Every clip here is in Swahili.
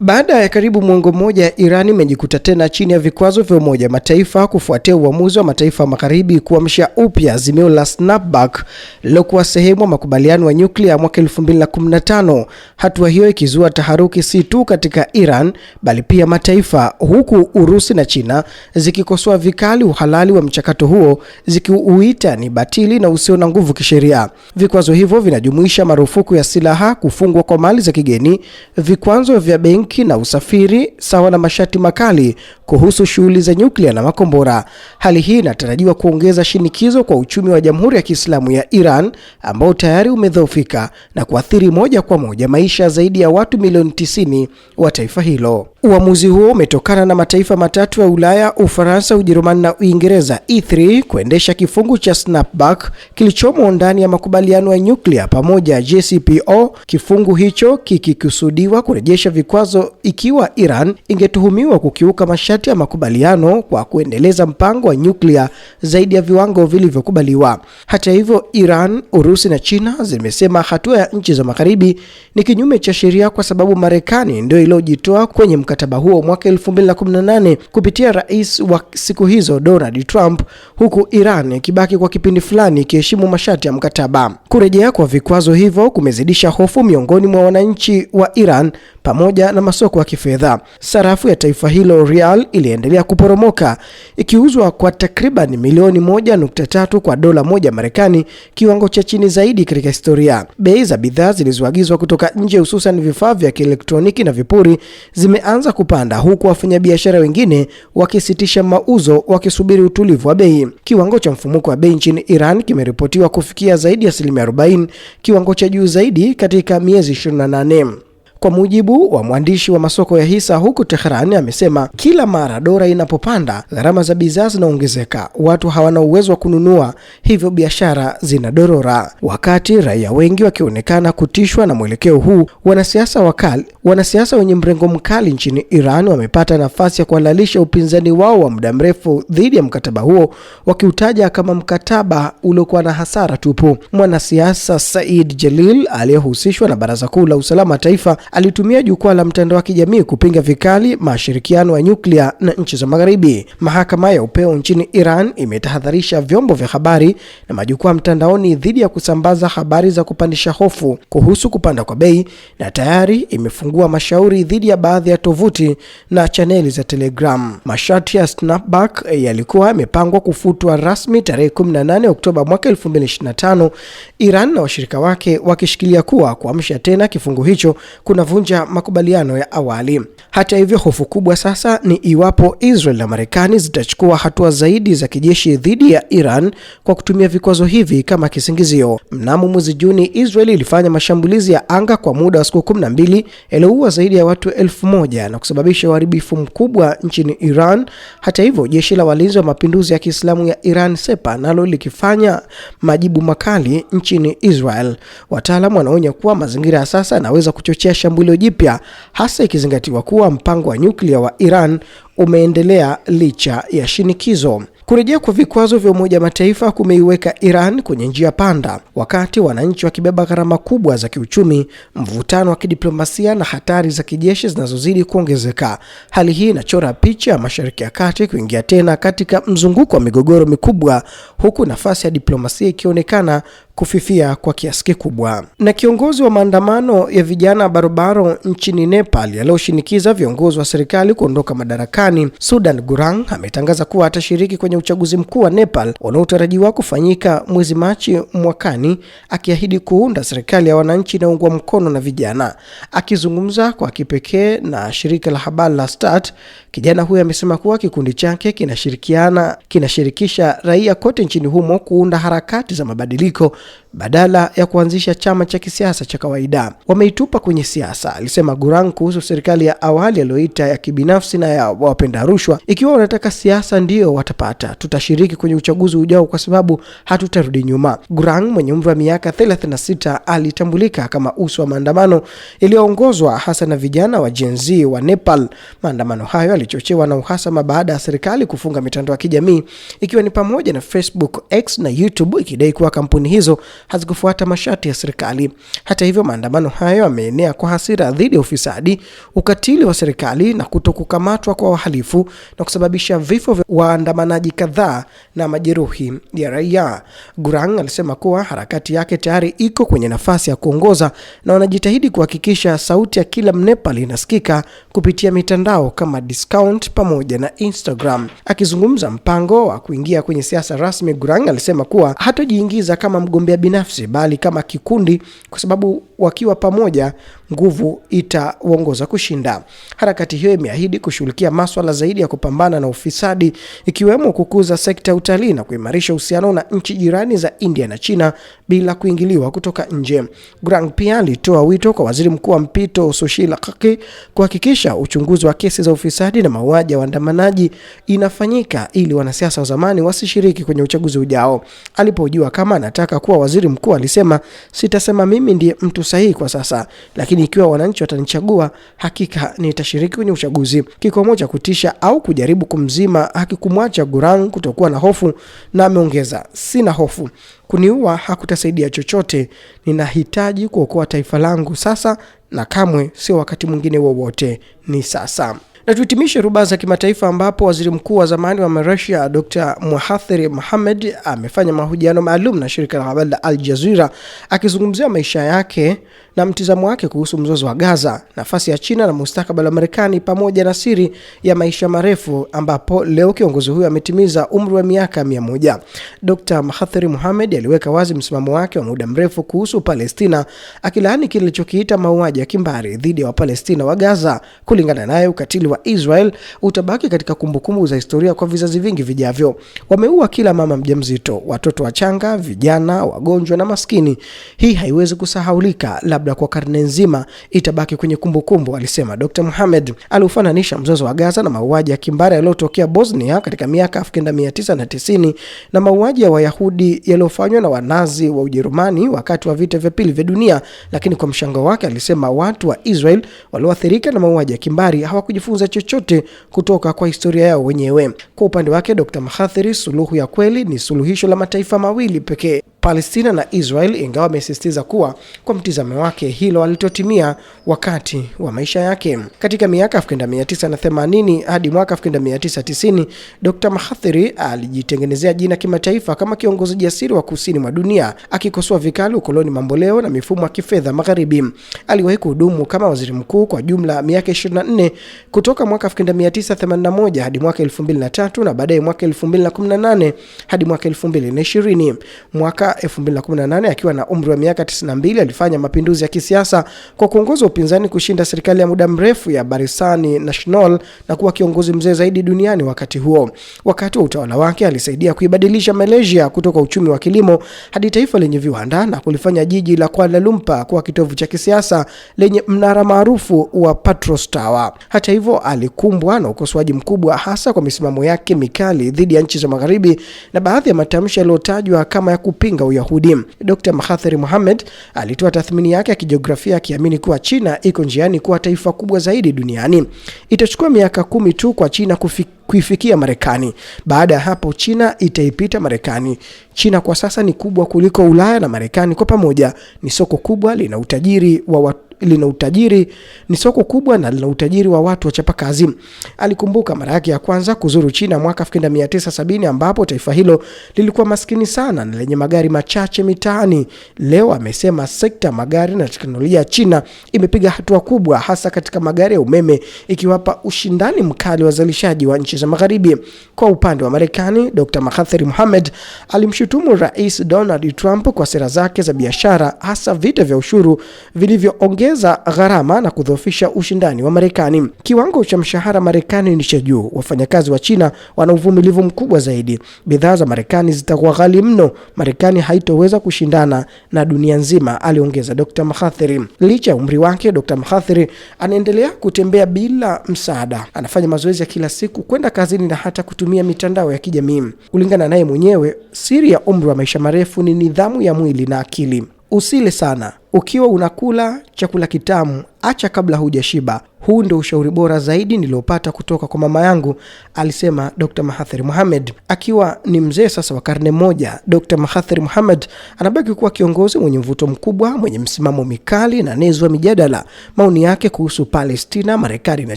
Baada ya karibu mwongo mmoja, Iran imejikuta tena chini ya vikwazo vya Umoja Mataifa kufuatia uamuzi wa mataifa ya magharibi kuamsha upya azimio la snapback lilokuwa sehemu ya makubaliano ya nyuklia mwaka 2015. Hatua hiyo ikizua taharuki si tu katika Iran bali pia mataifa, huku Urusi na China zikikosoa vikali uhalali wa mchakato huo, zikiuita ni batili na usio na nguvu kisheria. Vikwazo hivyo vinajumuisha marufuku ya silaha, kufungwa kwa mali za kigeni, vikwazo vya benki benki na usafiri sawa na masharti makali kuhusu shughuli za nyuklia na makombora. Hali hii inatarajiwa kuongeza shinikizo kwa uchumi wa Jamhuri ya Kiislamu ya Iran ambao tayari umedhoofika na kuathiri moja kwa moja maisha zaidi ya watu milioni 90 wa taifa hilo. Uamuzi huo umetokana na mataifa matatu ya Ulaya, Ufaransa, Ujerumani na Uingereza E3 kuendesha kifungu cha snapback kilichomo ndani ya makubaliano ya nyuklia pamoja ya jcpo kifungu hicho kikikusudiwa kurejesha vikwazo ikiwa Iran ingetuhumiwa kukiuka masharti ya makubaliano kwa kuendeleza mpango wa nyuklia zaidi ya viwango vilivyokubaliwa. Hata hivyo, Iran, Urusi na China zimesema hatua ya nchi za Magharibi ni kinyume cha sheria kwa sababu Marekani ndio iliyojitoa kwenye mkataba mkataba huo mwaka 2018 kupitia rais wa siku hizo Donald Trump, huku Iran ikibaki kwa kipindi fulani ikiheshimu masharti ya mkataba. Kurejea kwa vikwazo hivyo kumezidisha hofu miongoni mwa wananchi wa Iran pamoja na masoko ya kifedha. Sarafu ya taifa hilo rial iliendelea kuporomoka ikiuzwa kwa takriban milioni moja nukta tatu kwa dola moja Marekani, kiwango cha chini zaidi katika historia. Bei za bidhaa zilizoagizwa kutoka nje, hususan vifaa vya kielektroniki na vipuri zime zikaanza kupanda huku wafanyabiashara wengine wakisitisha mauzo wakisubiri utulivu wa bei. Kiwango cha mfumuko wa bei nchini Iran kimeripotiwa kufikia zaidi ya asilimia 40, kiwango cha juu zaidi katika miezi 28. Kwa mujibu wa mwandishi wa masoko ya hisa huku Tehran, amesema kila mara dola inapopanda, gharama za bidhaa zinaongezeka, watu hawana uwezo wa kununua, hivyo biashara zinadorora. Wakati raia wengi wakionekana kutishwa na mwelekeo huu, wanasiasa wakali, wanasiasa wenye mrengo mkali nchini Iran wamepata nafasi ya kuhalalisha upinzani wao wa muda mrefu dhidi ya mkataba huo, wakiutaja kama mkataba uliokuwa na hasara tupu. Mwanasiasa Said Jalil aliyehusishwa na Baraza Kuu la Usalama Taifa alitumia jukwaa la mtandao wa kijamii kupinga vikali mashirikiano ya nyuklia na nchi za Magharibi. Mahakama ya upeo nchini Iran imetahadharisha vyombo vya habari na majukwaa mtandaoni dhidi ya kusambaza habari za kupandisha hofu kuhusu kupanda kwa bei na tayari imefungua mashauri dhidi ya baadhi ya tovuti na chaneli za Telegram. Masharti ya snapback yalikuwa yamepangwa kufutwa rasmi tarehe 18 Oktoba mwaka 2025, Iran na washirika wake wakishikilia kuwa kuamsha tena kifungu hicho kuna kunavunja makubaliano ya awali. Hata hivyo, hofu kubwa sasa ni iwapo Israel na Marekani zitachukua hatua zaidi za kijeshi dhidi ya Iran kwa kutumia vikwazo hivi kama kisingizio. Mnamo mwezi Juni, Israel ilifanya mashambulizi ya anga kwa muda wa siku 12 yaliyoua zaidi ya watu elfu moja na kusababisha uharibifu mkubwa nchini Iran. Hata hivyo, jeshi la walinzi wa mapinduzi ya Kiislamu ya Iran Sepa nalo likifanya majibu makali nchini Israel. Wataalamu wanaonya kuwa mazingira ya sasa yanaweza kuchochea shambulio jipya hasa ikizingatiwa kuwa mpango wa nyuklia wa Iran umeendelea licha ya shinikizo. Kurejea kwa vikwazo vya Umoja Mataifa kumeiweka Iran kwenye njia panda, wakati wananchi wakibeba gharama kubwa za kiuchumi, mvutano wa kidiplomasia na hatari za kijeshi zinazozidi kuongezeka. Hali hii inachora picha ya Mashariki ya Kati kuingia tena katika mzunguko wa migogoro mikubwa, huku nafasi ya diplomasia ikionekana kufifia kwa kiasi kikubwa. Na kiongozi wa maandamano ya vijana barobaro nchini Nepal yaliyoshinikiza viongozi wa serikali kuondoka madarakani Marekani, Sudan Gurang ametangaza kuwa atashiriki kwenye uchaguzi mkuu wa Nepal unaotarajiwa kufanyika mwezi Machi mwakani, akiahidi kuunda serikali ya wananchi inayoungwa mkono na vijana. Akizungumza kwa kipekee na shirika la habari la Start, kijana huyo amesema kuwa kikundi chake kinashirikiana kinashirikisha raia kote nchini humo kuunda harakati za mabadiliko badala ya kuanzisha chama cha kisiasa cha kawaida. Wameitupa kwenye siasa, alisema Gurang kuhusu serikali ya awali aliyoita ya kibinafsi na ya wapenda rushwa. Ikiwa wanataka siasa, ndiyo watapata. Tutashiriki kwenye uchaguzi ujao kwa sababu hatutarudi nyuma. Gurang mwenye umri wa miaka 36 alitambulika kama uso wa maandamano yaliyoongozwa hasa na vijana wa Gen Z wa Nepal. Maandamano hayo yalichochewa na uhasama baada ya serikali kufunga mitandao ya kijamii ikiwa ni pamoja na Facebook, X na YouTube, ikidai kuwa kampuni hizo hazikufuata masharti ya serikali. Hata hivyo, maandamano hayo yameenea kwa hasira dhidi ya ufisadi, ukatili wa serikali na kutokukamatwa kwa wahalifu na kusababisha vifo vya waandamanaji kadhaa na majeruhi ya raia. Gurang alisema kuwa harakati yake tayari iko kwenye nafasi ya kuongoza na wanajitahidi kuhakikisha sauti ya kila Mnepal inasikika kupitia mitandao kama Discount pamoja na Instagram. Akizungumza mpango wa kuingia kwenye siasa rasmi, Gurang alisema kuwa hatojiingiza kama mgombea binafsi binafsi, bali kama kikundi, kwa sababu wakiwa pamoja nguvu itaongoza kushinda. Harakati hiyo imeahidi kushughulikia maswala zaidi ya kupambana na ufisadi, ikiwemo kukuza sekta ya utalii na kuimarisha uhusiano na nchi jirani za India na China bila kuingiliwa kutoka nje. Grang pia alitoa wito kwa waziri mkuu wa mpito Sushila Kaki kuhakikisha uchunguzi wa kesi za ufisadi na mauaji ya waandamanaji inafanyika ili wanasiasa wa zamani wasishiriki kwenye uchaguzi ujao. Alipojua kama anataka kuwa waziri mkuu, alisema sitasema mimi ndiye mtu sahihi kwa sasa, lakini lakini ikiwa wananchi watanichagua, hakika nitashiriki kwenye uchaguzi. Kikomo cha kutisha au kujaribu kumzima hakikumwacha Gurang kutokuwa na hofu, na ameongeza, sina hofu kuniua hakutasaidia chochote. Ninahitaji kuokoa taifa langu sasa, na kamwe sio wakati mwingine wowote, ni sasa. Na tuhitimishe ruba za kimataifa ambapo waziri mkuu wa zamani wa Malaysia Dr. Mahathir muhamed amefanya mahojiano maalum na shirika la habari la Al Jazeera akizungumzia maisha yake na mtizamo wake kuhusu mzozo wa Gaza, nafasi ya China na mustakabali wa Marekani, pamoja na siri ya maisha marefu, ambapo leo kiongozi huyo ametimiza umri wa miaka mia moja. Dr. Mahathir Mohamad aliweka wazi msimamo wake wa muda mrefu kuhusu Palestina, akilaani kile alichokiita mauaji ya kimbari dhidi ya Wapalestina wa Gaza. Kulingana naye ukatili wa wa Israel utabaki katika kumbukumbu za historia kwa vizazi vingi vijavyo. Wameua kila mama mjamzito, watoto wachanga, vijana, wagonjwa na maskini. Hii haiwezi kusahaulika, labda kwa karne nzima itabaki kwenye kumbukumbu, alisema Dr. Mohamed. Aliufananisha mzozo wa Gaza na mauaji ya kimbari yaliyotokea Bosnia katika miaka 1990 na mauaji ya Wayahudi yaliyofanywa na Wanazi wa Ujerumani wakati wa vita vya pili vya dunia, lakini kwa mshangao wake alisema watu wa Israel walioathirika na mauaji ya kimbari hawakujifunza kujifunza chochote kutoka kwa historia yao wenyewe. Kwa upande wake, Dr. Mahathiri, suluhu ya kweli ni suluhisho la mataifa mawili pekee. Palestina na Israel, ingawa amesisitiza kuwa kwa mtizamo wake hilo alitotimia wakati wa maisha yake. Katika miaka 1980 hadi mwaka 1990, Dr. Mahathiri alijitengenezea jina kimataifa kama kiongozi jasiri wa kusini mwa dunia, akikosoa vikali ukoloni mamboleo na mifumo ya kifedha magharibi. Aliwahi kuhudumu kama waziri mkuu kwa jumla miaka 24 kutoka mwaka 1981 hadi mwaka 2003 na baadaye mwaka 2018 hadi mwaka 2020. Mwaka 2018 akiwa na umri wa miaka 92 alifanya mapinduzi ya kisiasa kwa kuongoza upinzani kushinda serikali ya muda mrefu ya Barisan National na kuwa kiongozi mzee zaidi duniani wakati huo. Wakati wa utawala wake alisaidia kuibadilisha Malaysia kutoka uchumi wa kilimo hadi taifa lenye viwanda na kulifanya jiji la Kuala Lumpur kuwa kitovu cha kisiasa lenye mnara maarufu wa Patrus Tower. Hata hivyo, alikumbwa na ukosoaji mkubwa hasa kwa misimamo yake mikali dhidi ya nchi za Magharibi na baadhi ya matamshi yaliyotajwa kama ya kupinga Uyahudi. Dr. Mahathir Mohamed alitoa tathmini yake ya kijiografia akiamini kuwa China iko njiani kuwa taifa kubwa zaidi duniani. Itachukua miaka kumi tu kwa China kuifikia Marekani. Baada ya hapo China itaipita Marekani. China kwa sasa ni kubwa kuliko Ulaya na Marekani kwa pamoja. Ni soko kubwa lina utajiri wa lina utajiri, ni soko kubwa na lina utajiri wa watu wachapa kazi. Alikumbuka mara yake ya kwanza kuzuru China mwaka 1970 ambapo taifa hilo lilikuwa maskini sana na lenye magari machache mitaani. Leo amesema sekta magari na teknolojia ya China imepiga hatua kubwa, hasa katika magari ya umeme, ikiwapa ushindani mkali wazalishaji wa nchi za magharibi. Kwa upande wa Marekani, Dr. Mahathir Mohamed alimshutumu Rais Donald Trump kwa sera zake za biashara, hasa vita vya ushuru vilivyoongezwa kuongeza gharama na kudhoofisha ushindani wa Marekani. Kiwango cha mshahara Marekani ni cha juu, wafanyakazi wa China wana uvumilivu mkubwa zaidi. Bidhaa za Marekani zitakuwa ghali mno, Marekani haitoweza kushindana na dunia nzima, aliongeza Dr. Mahathiri. Licha ya umri wake, Dr. Mahathiri anaendelea kutembea bila msaada, anafanya mazoezi ya kila siku, kwenda kazini na hata kutumia mitandao ya kijamii. Kulingana naye mwenyewe, siri ya umri wa maisha marefu ni nidhamu ya mwili na akili. Usile sana ukiwa unakula chakula kitamu, acha kabla hujashiba. Huu ndio ushauri bora zaidi niliopata kutoka kwa mama yangu, alisema Dr. Mahathir muhamed Akiwa ni mzee sasa wa karne moja, Dr. Mahathir muhamed anabaki kuwa kiongozi mwenye mvuto mkubwa, mwenye msimamo mikali na wa mijadala. Maoni yake kuhusu Palestina, Marekani na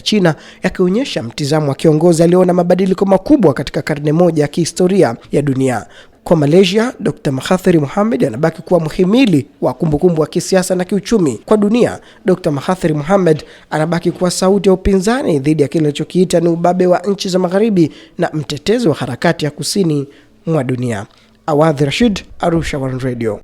China yakionyesha mtizamo wa kiongozi aliona mabadiliko makubwa katika karne moja ya kihistoria ya dunia kwa Malaysia, Dr. Mahathir Mohamed anabaki kuwa mhimili wa kumbukumbu wa kisiasa na kiuchumi kwa dunia. Dr. Mahathiri Mohamed anabaki kuwa sauti ya upinzani dhidi ya kile alichokiita ni ubabe wa nchi za Magharibi na mtetezi wa harakati ya kusini mwa dunia. Awadhi Rashid, Arusha One Radio.